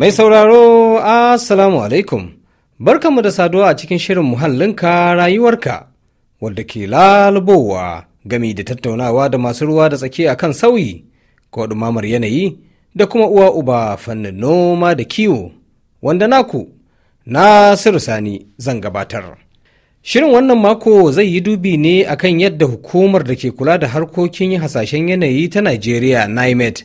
Mai sauraro, asalamu alaikum, barkanmu da saduwa a cikin shirin muhallinka rayuwarka, wadda ke lalubowa gami da tattaunawa da masu ruwa da tsaki a kan sauyi, ko ɗumamar yanayi da kuma uwa uba fannin noma da kiwo, wanda naku, Nasiru Sani zan gabatar. Shirin wannan mako zai yi dubi ne akan yadda hukumar da ke kula da harkokin hasashen yanayi ta Najeriya, NIMED,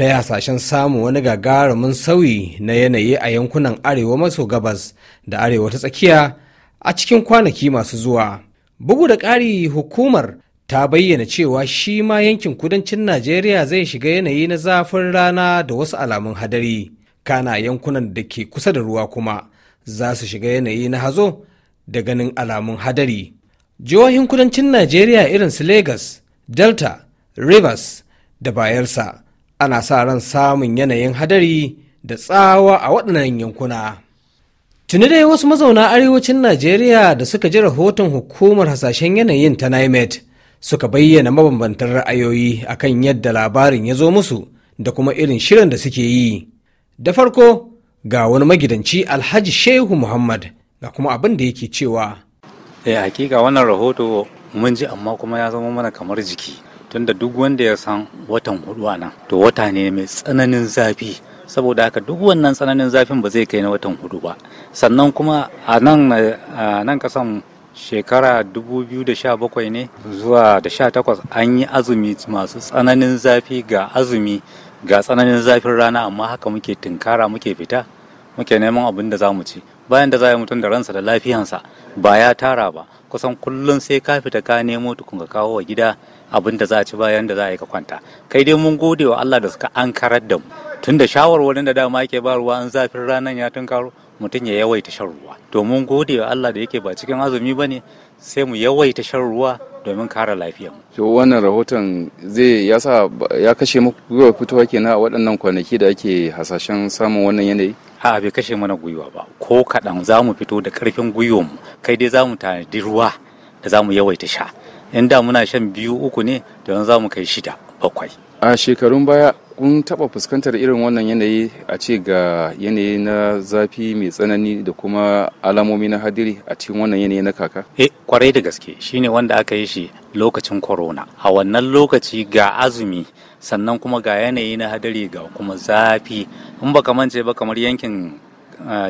ta yi hasashen samun wani gagarumin sauyi na yanayi a yankunan arewa maso gabas da arewa ta tsakiya a cikin kwanaki masu zuwa bugu da ƙari hukumar ta bayyana cewa shi ma yankin kudancin najeriya zai shiga yanayi na zafin rana da wasu alamun hadari kana yankunan da ke kusa da ruwa kuma za su shiga yanayi na hazo da ganin alamun hadari jihohin kudancin najeriya irin su lagos delta rivers da bayelsa ana sa ran samun yanayin hadari da tsawa a waɗannan yankuna. Tuni dai wasu mazauna arewacin Najeriya da suka ji rahoton hukumar hasashen yanayin ta NIMET suka bayyana mabambantan ra'ayoyi akan yadda labarin ya zo musu da kuma irin shirin da suke yi. Da farko ga wani magidanci Alhaji Shehu Muhammad ga kuma abin da yake cewa. Eh hakika wannan rahoto mun ji amma kuma ya zama mana kamar jiki. tunda duk wanda ya san watan hudu a nan to wata ne mai tsananin zafi saboda haka duk wannan tsananin zafin ba zai kai na watan hudu ba sannan kuma a nan a nan kasan shekara 2017 ne zuwa da 18 an yi azumi masu tsananin zafi ga azumi ga tsananin zafin rana amma haka muke tunkara muke fita muke neman abin da za mu ci bayan da za a yi mutum da ransa da lafiyansa ba ya tara ba kusan kullum sai ka fita ka nemo tukun ka kawo wa gida abin da za a ci bayan da za a yi ka kwanta kai dai mun gode wa Allah da suka ankarar da mu tun da shawarwarin da dama ake ba ruwa an zafin ranar ya tunkaro mutum ya yawaita shan ruwa to mun gode wa Allah da yake ba cikin azumi ba ne sai mu yawaita shan ruwa domin kare mu. To wannan rahoton zai ya ya kashe muku gwiwa fitowa kenan a waɗannan kwanaki da ake hasashen samun wannan yanayi? a bai kashe mana gwiwa ba ko kaɗan za mu fito da ƙarfin mu kai dai za mu tanadi ruwa da za mu yawaita sha in da muna shan biyu uku ne da za mu kai shida bakwai a shekarun baya kun taba fuskantar irin wannan yanayi a ce ga yanayi na zafi mai tsanani da kuma alamomi na hadiri a cikin wannan yanayi na kaka eh kwarai da gaske shine wanda aka yi shi lokacin corona a wannan lokaci ga azumi sannan kuma ga yanayi na hadari ga kuma zafi in baka ce ba kamar yankin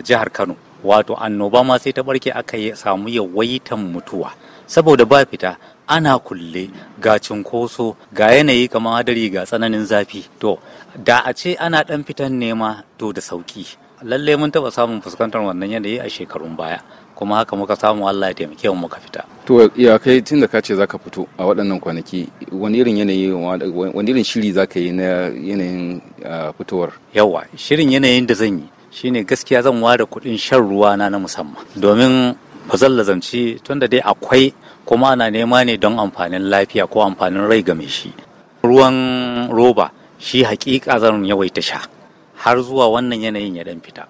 jihar Kano wato annoba ma sai ta barke aka samu yawaitan mutuwa saboda ba fita ana kulle ga cunkoso ga yanayi kamar hadari ga tsananin zafi to da a ce ana dan fitan nema to da sauki lallai mun taba samun fuskantar wannan yanayi a shekarun baya kuma haka muka samu Allah ya taimake mu muka fita. To ya kai tun ka ce zaka fito a waɗannan kwanaki wani irin yanayi wani irin shiri zaka yi na yanayin fitowar? Yawa shirin yanayin da zan yi shine gaskiya zan ware kuɗin shan ruwa na na musamman domin ba zan lazanci da dai akwai kuma ana nema ne don amfanin lafiya ko amfanin rai game shi ruwan roba shi hakika zan yawaita sha har zuwa wannan yanayin ya dan fita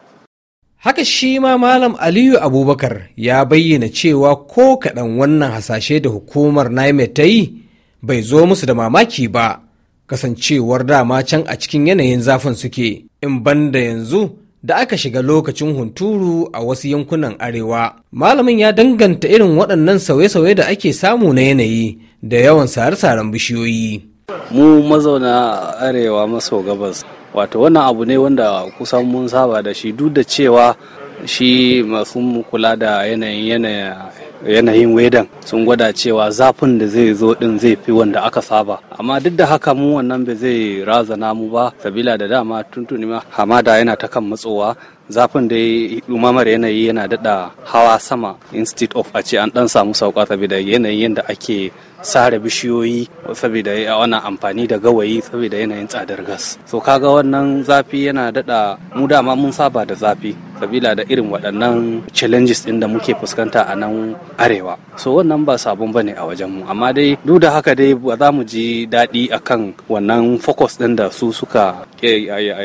haka shi ma malam aliyu abubakar ya bayyana cewa ko kaɗan wannan hasashe da hukumar naime ta yi bai zo musu da mamaki ba kasancewar dama can a cikin yanayin zafin suke in banda yanzu da aka shiga lokacin hunturu a wasu yankunan arewa. Malamin ya danganta irin waɗannan sauye-sauye da ake samu na yanayi da yawan sare-saren bishiyoyi. Mu mazauna arewa maso gabas, wato wannan abu ne wanda kusan mun saba da shi duk da cewa shi masu kula da yanayin yanayin yanayin wedan sun gwada cewa zafin da zai zo din zai fi wanda aka saba amma duk da haka mu wannan bai zai razana mu ba sabila da dama tuntuni ma hamada yana ta kan matsowa zafin da umamar yanayi yana dada hawa sama instead of a ce an dan samu sauka saboda yanayin yadda ake sare bishiyoyi saboda wana amfani da gawayi saboda yanayin tsadar gas so kaga wannan zafi yana dada mu dama mun saba da zafi sabila da irin waɗannan challenges ɗin da muke fuskanta a nan arewa so wannan ba sabon bane a wajen mu amma dai duk da haka dai ba za mu ji daɗi akan wannan focus ɗin da su suka eh,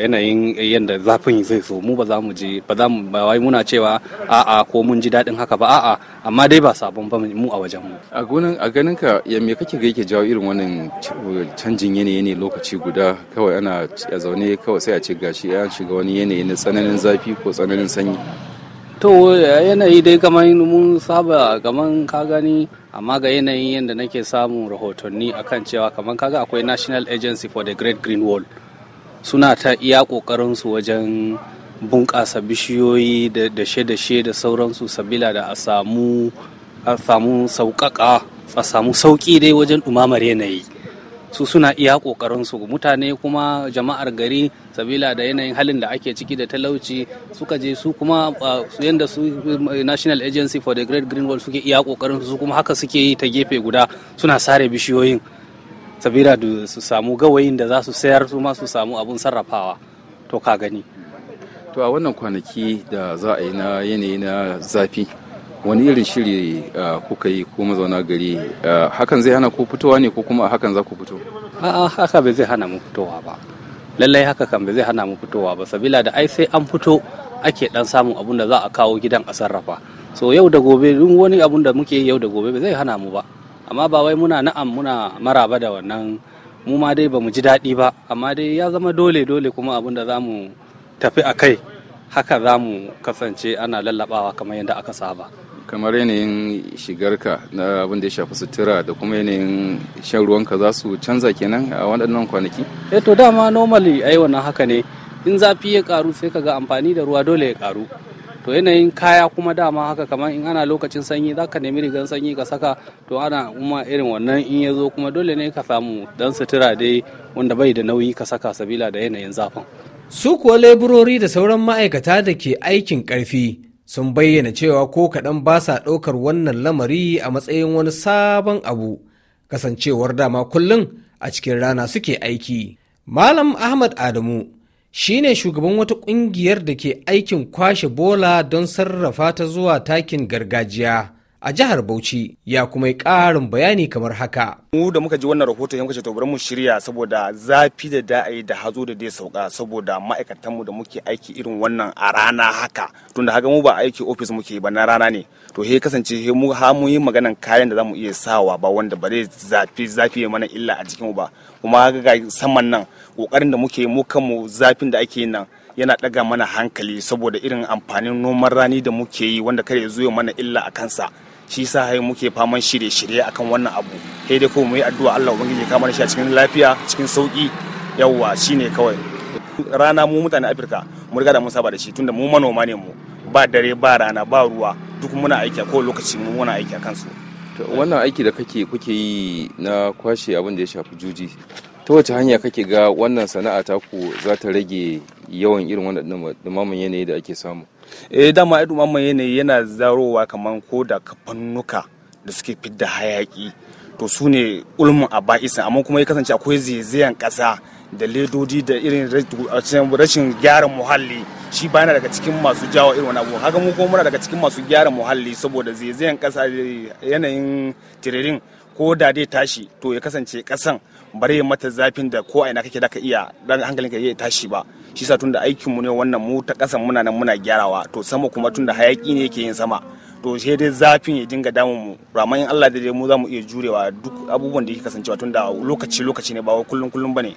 yanayin yadda zafin zai so mu ba za mu ji ba za mu ba wai muna cewa a'a ko mun ji daɗin haka ba a'a amma dai ba sabon ba mu a wajen mu a gonan a ganin ka ya me kake ga yake jawo irin wannan canjin yanayi ne lokaci guda kawai ana a zaune kawai sai a ce gashi an shiga wani yanayi na tsananin zafi ko tsananin jin sanyi to yanayi dai kamar mun saba kamar ka gani amma ga yanayin yadda nake samun rahotanni akan cewa kamar kaga akwai national agency for the great green wall suna ta iya kokarin su wajen bunƙasa bishiyoyi da dashe-dashe da sauransu sabila da a samu sauƙaƙa a samu sauƙi dai wajen ɗumamar yanayi su suna iya kokarin su mutane kuma jama'ar gari sabila da yanayin halin da ake ciki da talauci suka je su kuma yanda su eh, National Agency for the Great Green Wall suke iya kokarin su kuma haka suke yi ta gefe guda suna sare bishiyoyin sabila da su samu gawayin da za su sayar su ma su samu abun sarrafawa to ka gani to a wannan kwanaki da za a yi na yanayi na zafi wani irin shiri uh, kuka yi ko mazauna gari uh, hakan zai hana ku fitowa ne ko kuma hakan za ku fito a'a haka bai zai hana mu fitowa ba lallai haka kan bai zai hana mu fitowa ba sabila da ai sai an fito ake dan samun abun da za a kawo gidan a sarrafa so yau da gobe duk wani abun da muke yau da gobe ba zai hana mu ba amma ba wai muna na'am muna maraba da wannan mu ma dai ba mu ji daɗi ba amma dai ya zama dole dole kuma abun da za mu tafi a kai haka za mu kasance ana lallabawa kamar yadda aka saba kamar yanayin shigarka na abin da ya shafi sutura da kuma yanayin shan ruwanka za su canza kenan a waɗannan kwanaki? eh to dama normally ai wannan haka ne in zafi ya karu sai ka ga amfani da ruwa dole ya karu to yanayin kaya kuma dama haka kamar in ana lokacin sanyi za ka nemi rigar sanyi ka saka to ana kuma irin wannan in ya zo kuma dole ne ka samu dan sutura dai wanda bai da nauyi ka saka sabila da yanayin zafin su kuwa leburori da sauran ma'aikata da ke aikin ƙarfi. sun bayyana cewa ko kaɗan ba sa ɗaukar wannan lamari a matsayin wani sabon abu kasancewar dama kullum a cikin rana suke aiki malam ahmad adamu shine shugaban wata ƙungiyar da ke aikin kwashe bola don sarrafa ta zuwa takin gargajiya a jihar Bauchi ya kuma yi ƙarin bayani kamar haka. Mu da muka ji wannan rahoton yanka ce to mu shirya saboda zafi da da'ayi da hazo da dai sauka saboda ma'aikatanmu da muke aiki irin wannan a rana haka tunda haka mu ba aiki ofis muke ba na rana ne to he kasance he mu ha mu yi maganan kayan da zamu iya sawa ba wanda ba zai zafi zafi ya mana illa a jikinmu ba kuma ga saman nan kokarin da muke mu kanmu zafin da ake yin nan yana ɗaga mana hankali saboda irin amfanin noman rani da muke yi wanda kare ya zo mana illa a kansa shi sa hai muke faman shirye-shirye akan wannan abu sai dai ko mu yi addu'a Allah ubangiji ya kama shi a cikin lafiya cikin sauki yawwa shine kawai rana mu mutane Afirka mu riga da mun saba da shi tunda mu manoma ne mu ba dare ba rana ba ruwa duk muna aiki ko lokaci mu muna aiki a kansu wannan aiki da kake kuke yi na kwashe abin da ya shafi juji ta wace hanya kake ga wannan sana'a taku za ta rage yawan irin wannan dumaman yanayi da ake samu eh dama dumaman yanayi yana zarowa kamar ko da kafannuka da suke fidda hayaki to su ne ulmin a ba'isa amma kuma ya kasance akwai zaizayen kasa da ledodi da irin rashin gyara muhalli shi bayana daga cikin masu jawo irin wani abu haka mu kuma muna daga cikin masu gyara muhalli saboda zaizayen kasa yanayin tiririn ko da dai tashi to ya kasance kasan bare mata zafin da ko aina ina kake da ka iya dan hankalin ka iya tashi ba shi sa tunda aikin mu ne wannan mu ta kasan muna nan muna gyarawa to sama kuma tunda hayaki ne yake yin sama to sai dai zafin ya dinga damun mu ramai in Allah da dai mu za mu iya jurewa duk abubuwan da yake kasancewa tunda lokaci lokaci ne ba wai kullun kullun bane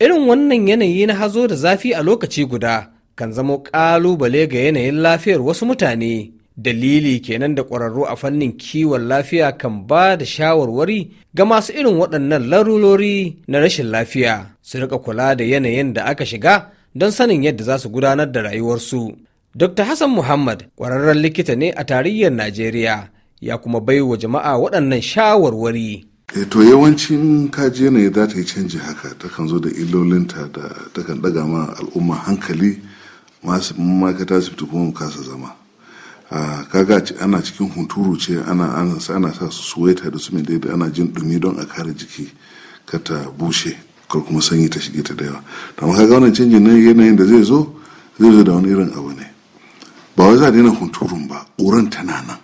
irin wannan yanayi na hazo da zafi a lokaci guda kan zamo kalubale ga yanayin lafiyar wasu mutane Dalili kenan da ƙwararru a fannin kiwon lafiya kan ba da shawarwari ga masu irin waɗannan larurori na rashin lafiya su rika kula da yanayin da aka shiga don sanin yadda za su gudanar da rayuwarsu. Dr. Hassan Muhammad ƙwararren likita ne a tarayyar Najeriya ya kuma baiwa jama'a waɗannan shawarwari. e to yawancin kaji yanayi za ta yi canji haka takan zo da illolinta da takan ɗaga ma al'umma hankali masu makata su fito kuma kasa zama a ah, kaga ana cikin hunturu ce ana ana sa su suweta da su mai daidai ana jin dumi don a kare jiki ka ta bushe ko kuma sanyi ta shige ta da yawa to amma kaga wannan canjin na yanayin da zai zo zai zo da wani irin abu ne ba wai za daina hunturun ba ƙuran tana nan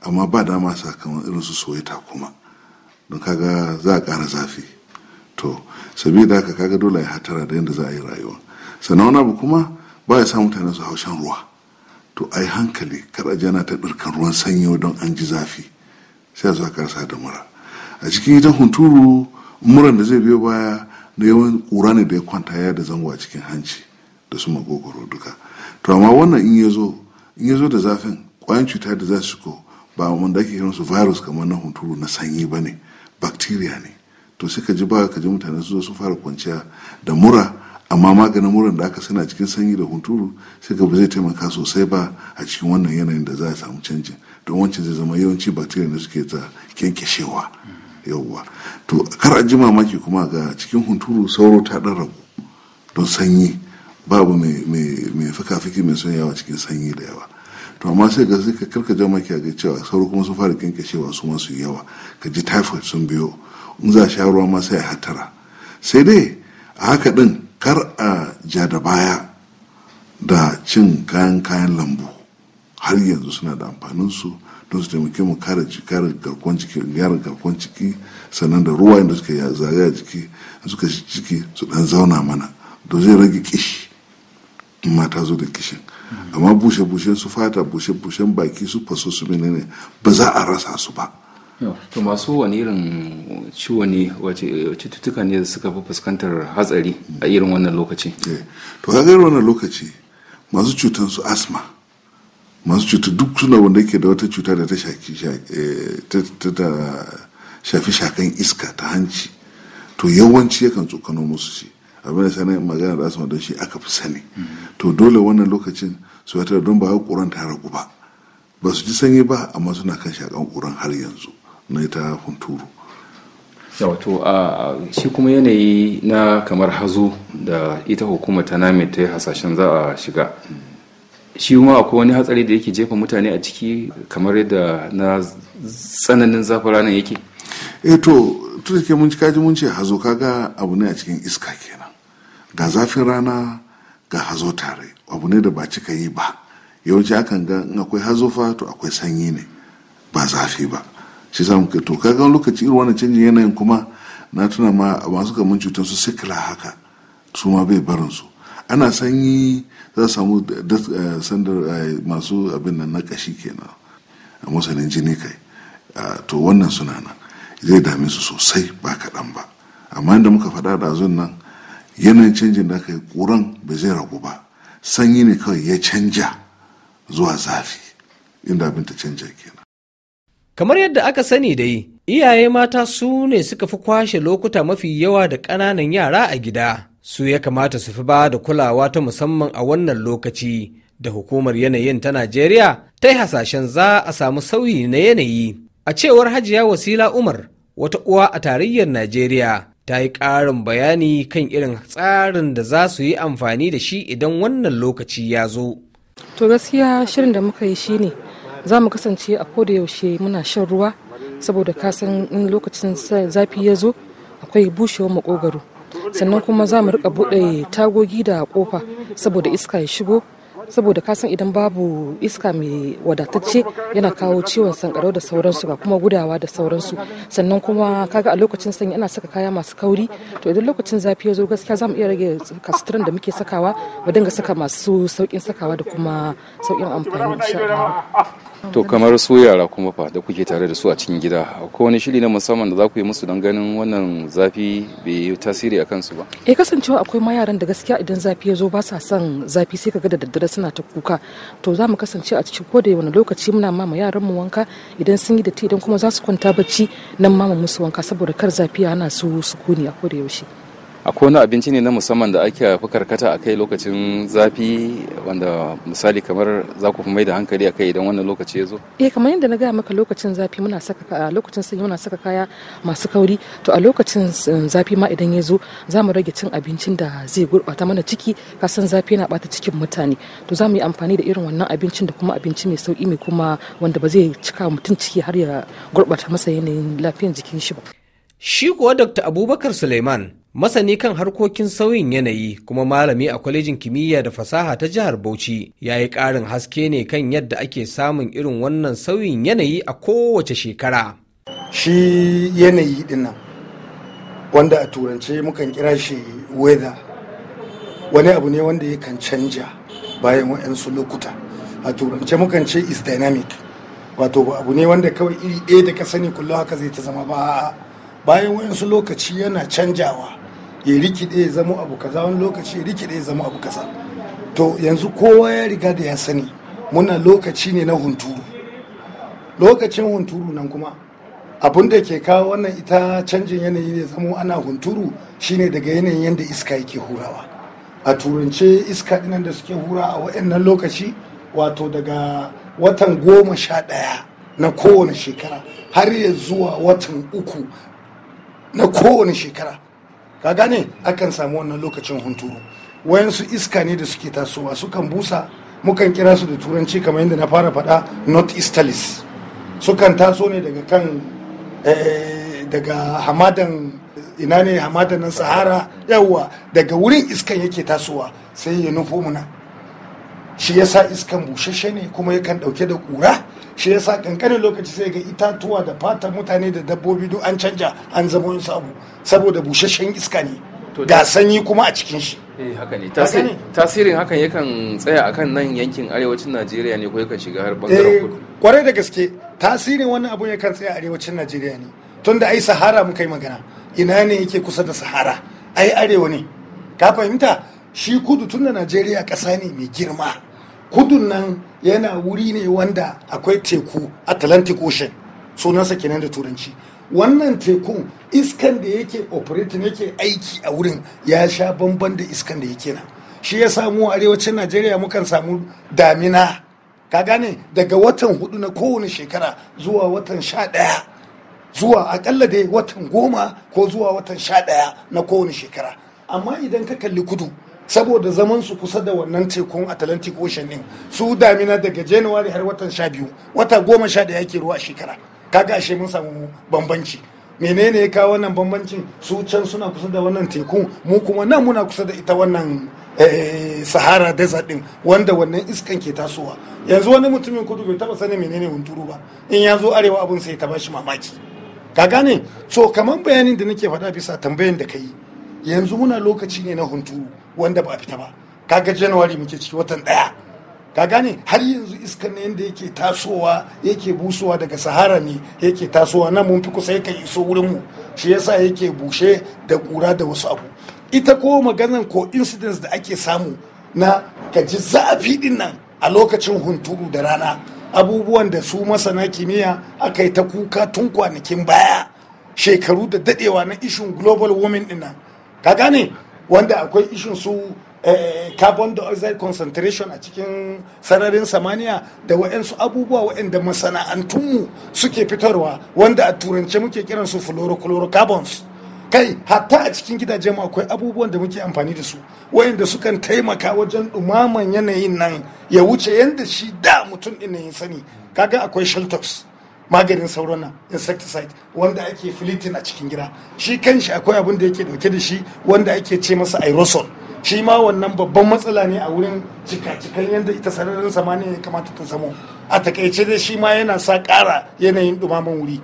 amma ba dama sakamakon irin su suweta kuma don kaga za a ƙara zafi to sabida haka kaga dole ya hatara da yadda za a yi rayuwa sannan wani abu kuma ba ya sa mutane su haushin ruwa to ai hankali kar jana ta ɗirkan ruwan sanyi don an ji zafi sai a zo a karsa da mura a cikin ita hunturu muran da zai biyo baya na yawan ƙura ne da ya kwanta ya da zango a cikin hanci da su magogoro duka to amma wannan in ya zo in ya zo da zafin ƙwayan cuta da za su ko ba wanda ake su virus kamar na hunturu na sanyi ba ne bacteria ne to sai ka ji ba ka ji mutane su zo su fara kwanciya da mura amma maganin muran da aka sana cikin sanyi da hunturu sai ka ba zai taimaka sosai ba a cikin wannan yanayin da za a samu canjin don wancan zai zama yawanci bacteria ne suke ta kyankyashewa yawwa to kar a ji mamaki kuma ga cikin hunturu sauro ta ɗan rabu don sanyi babu mai fikafiki mai son yawa cikin sanyi da yawa to amma sai ga sai ka karka ja maki ga cewa sauro kuma sun fara kyankyashewa su masu yawa ka ji typhoid sun biyo in za a sha ruwa ma sai a hatara sai dai a haka din kar a ja da baya da cin kayan kayan lambu har yanzu suna da amfaninsu don su taimake mu kare jikar garkon ciki gyara garkon ciki sannan da ruwa da suka zagaya jiki suka shi ciki su dan zauna mana da zai rage kishi in ma ta zo da kishin amma bushe bushen su fata bushe bushen baki su faso su menene ba za a rasa su ba to masu wani irin ciwo ne wace cututtuka ne suka fi fuskantar hatsari a irin wannan lokaci eh, to ga irin wannan lokaci masu cutar su asma masu cutar duk suna wanda ke da wata cuta da eh, ta shafi shakan iska ta hanci to yawanci yakan tsokano musu shi abin da sanar magana da asma don shi aka fi sani mm-hmm. to dole wannan lokacin su wata don ba ya ta ragu ba ba su ji sanyi ba amma suna kan shakan ƙuran har yanzu na ita hunturu wato a shi kuma yanayi na kamar hazo da ita hukuma ta name ta yi hasashen za a shiga shi kuma akwai wani hatsari da yake jefa mutane a ciki kamar yadda na tsananin zafin ranar yake e to tun da mun kaji mun ce hazo kaga abu ne a cikin iska kenan ga zafin rana ga hazo tare abu ne da ba cika yi ba yawanci akan ga in akwai hazo fa to akwai sanyi ne ba zafi ba shi sa ka to kaga lokaci irin wannan canjin yanayin kuma na tuna ma masu kamun cutar su sikila haka su ma bai barin su ana sanyi za samu eh, sandar eh, masu abin nan na kashi kenan a masanin jini kai ah, to wannan suna nan zai dame su sosai ba kaɗan ba amma yadda muka faɗa da azun nan yanayin canjin da aka yi ƙuran ba zai ragu ba sanyi ne kawai ya canja zuwa zafi inda abin ta canja kenan Kamar yadda aka sani dai, iyaye mata su ne suka fi kwashe lokuta mafi yawa da ƙananan yara a gida. Su ya kamata su fi ba da kulawa ta musamman a wannan lokaci da hukumar yanayin ta Najeriya ta yi hasashen za a samu sauyi na yanayi. A cewar Hajiya Wasila Umar, wata uwa a tarayyar Najeriya, ta yi ƙarin bayani kan irin tsarin da za su yi amfani da shi idan wannan lokaci ya zo. To gaskiya shirin da muka yi shine za mu kasance a koda yaushe muna shan ruwa saboda kasan in lokacin zafi ya zo akwai bushewar makogaro sannan kuma za mu rika buɗe tagogi da kofa saboda iska ya shigo saboda kasan idan babu iska mai wadatacce yana kawo ciwon sankarau da sauransu ga kuma gudawa da sauransu sannan kuma kaga a lokacin sanyi ana saka kaya masu kauri to idan lokacin zafi ya zo gaskiya za mu iya rage kasturan da muke sakawa mu dinga saka masu saukin sakawa da kuma saukin amfani to kamar su yara kuma fa da kuke tare da su a cikin gida ko wani shiri na musamman da za ku yi musu don ganin wannan zafi bai yi tasiri a kansu ba eh kasancewa akwai ma yaran da gaskiya idan zafi ya zo ba sa son zafi sai kaga da daddare suna ta kuka to za mu kasance a cikin koda wani lokaci muna ma yaran mu wanka idan sun yi da idan kuma za su kwanta bacci nan ma mu musu wanka saboda kar zafi ana su sukuni a koda yaushe akwai wani abinci ne na musamman da ake fi karkata a kai lokacin zafi wanda misali kamar za ku fi mai da hankali a kai idan wannan lokaci ya zo eh kamar yadda na gaya maka lokacin zafi muna saka lokacin sanyi muna saka kaya masu kauri to a lokacin eh, zafi ma idan ya zo za mu rage cin abincin da zai gurɓata mana ciki kasan zafi yana bata cikin mutane to za mu yi amfani da irin wannan abincin da kuma abinci mai sauki mai kuma wanda ba zai cika mutum ciki har ya gurɓata masa yanayin lafiyar jikin shi ba shi kuwa dr abubakar suleiman Masani kan harkokin sauyin yanayi kuma malami a kwalejin kimiyya da fasaha ta jihar Bauchi ya yi ƙarin haske ne kan yadda ake samun irin wannan sauyin yanayi a kowace shekara. Shi yanayi dinnan wanda a turance mukan kira shi weather wani abu ne wanda yakan canja bayan wa'ansu lokuta a turance mukan ce is dynamic wato ba abu ne wanda kawai iri ɗaya da ka sani kullum haka zai ta zama ba bayan wa'ansu lokaci yana canjawa ya rikide ya zama abu kaza wani lokaci ya rikide ya zama abu kaza to yanzu kowa ya riga da ya sani muna lokaci ne na hunturu lokacin hunturu nan kuma abun da ke kawo wannan ita canjin yanayi ne zamo ana hunturu shine daga yanayin yadda iska yake hurawa a turance iska dinan da suke hura a waɗannan lokaci wato daga watan goma sha ɗaya na kowane shekara har ya zuwa watan uku na kowane shekara ka gane akan samu wannan lokacin hunturu wayansu iska ne da suke tasowa sukan busa mukan kira su da turanci kamar yadda na fara faɗa north easterlies sukan taso ne daga kan eh, daga hamadan ina ne hamadan nan sahara yawa daga wurin iskan yake tasowa sai ya nufo muna shi yasa iskan busasshe ne kuma yakan ɗauke da ƙura shi yasa kankanin lokaci sai ga itatuwa da fata mutane da dabbobi duk an canja an zama wani abu saboda busasshen iska ne ga sanyi kuma a cikin shi eh, tasirin hakan yakan tsaya akan nan yankin arewacin najeriya ne ko yakan shiga har bangaren eh, kudu kwarai da gaske tasirin wannan abu yakan tsaya arewacin najeriya ne tunda ai sahara muka yi magana ina ne yake kusa da sahara ai arewa ne ka fahimta shi kudu tun da najeriya ƙasa ne mai girma kudun nan yana wuri ne wanda akwai teku atlantic ocean sunansa kenan da turanci wannan tekun iskan da yake operating yake aiki a wurin ya sha bamban da iskan da yake nan shi ya samu arewacin najeriya mukan samu damina ka gane daga watan hudu na kowane shekara zuwa watan sha daya zuwa akalla dai watan goma ko zuwa watan sha daya na kowane shekara amma idan ka kalli kudu saboda zaman su kusa da wannan tekun atlantic ocean din su damina daga january har watan sha biyu wata goma sha da yake ruwa a shekara kaga ashe mun samu bambanci menene ya kawo wannan bambancin su can suna kusa da wannan tekun mu kuma nan muna kusa da ita wannan eh, sahara desert din wanda wannan iskan ke tasowa yanzu wani mutumin kudu bai taba sanin menene hunturu ba in ya zo arewa abin sai ta bashi mamaki ka gane so kamar bayanin da nake faɗa bisa tambayan da ka yi yanzu muna lokaci ne na hunturu wanda ba a fita ba kaga januwari muke ciki watan daya ka gane har yanzu iskan ne yadda yake tasowa yake busowa daga sahara ne yake tasowa nan mun fi kusa yakan iso wurin mu shi yasa yake bushe da kura da wasu abu ita ko maganan ko incidents da ake samu na kaji zafi din nan a lokacin hunturu da rana abubuwan da su masana kimiyya aka yi ta kuka tun kwanakin baya shekaru da dadewa na ishin global warming din nan ka gane wanda akwai ishin su eh, carbon dioxide concentration a cikin sararin samaniya da waɗansu abubuwa waɗanda masana'antunmu suke fitarwa wanda a turance muke kiransu fluorocarbons kai hatta a cikin gidajen mu akwai abubuwan da muke amfani da su wayanda sukan taimaka wajen dumaman yanayin nan ya wuce yadda shi da mutum ɗin ya sani kaga akwai shelters maganin sauron nan insecticide wanda ake filitin a cikin gida shi kanshi akwai abin da yake dauke da shi wanda ake ce masa aerosol shi ma wannan babban matsala ne a wurin cika-cikan yadda ita sararin samaniya ya kamata ta zamo a takaice dai shi ma yana sa ƙara yanayin dumaman wuri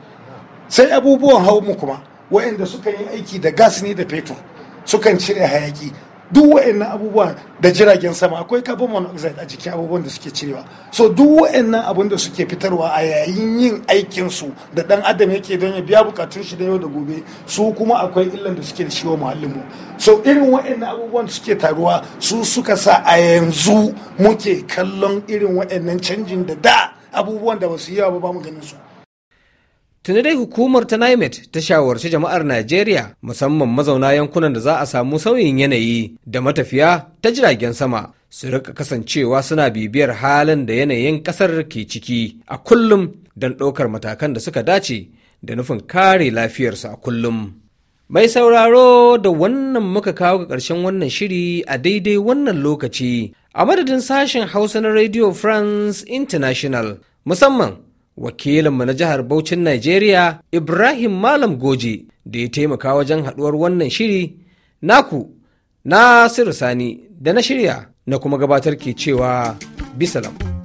sai abubuwan hau mu kuma waɗanda suka yi aiki da gas ne da fetur sukan cire hayaki duk wa'annan abubuwan da jiragen sama akwai carbon monoxide a jikin abubuwan da suke cirewa so duk wa'annan abun da suke fitarwa a yayin yin aikin su da dan adam yake don ya biya bukatun shi da yau da gobe su kuma akwai illan da suke da shi wa so irin wa'annan abubuwan da suke taruwa su suka sa a yanzu muke kallon irin wa'annan canjin da da abubuwan da ba su yi yawa ba mu ganin su Tuni dai hukumar ta NIMET ta shawarci jama'ar Najeriya musamman mazauna yankunan da za a samu sauyin yanayi da matafiya ta jiragen sama su rika kasancewa suna bibiyar halin da yanayin kasar ke ciki a kullum don ɗaukar matakan da suka dace da nufin kare lafiyarsu a kullum. Mai sauraro da wannan muka kawo ga ƙarshen wannan shiri a daidai wannan lokaci a madadin sashen Hausa na Radio France International musamman wakilinmu na jihar Bauchin Najeriya Ibrahim Malam Goje da ya taimaka wajen haɗuwar wannan shiri naku Nasiru Sani da na shirya na kuma gabatar ke cewa bisalam.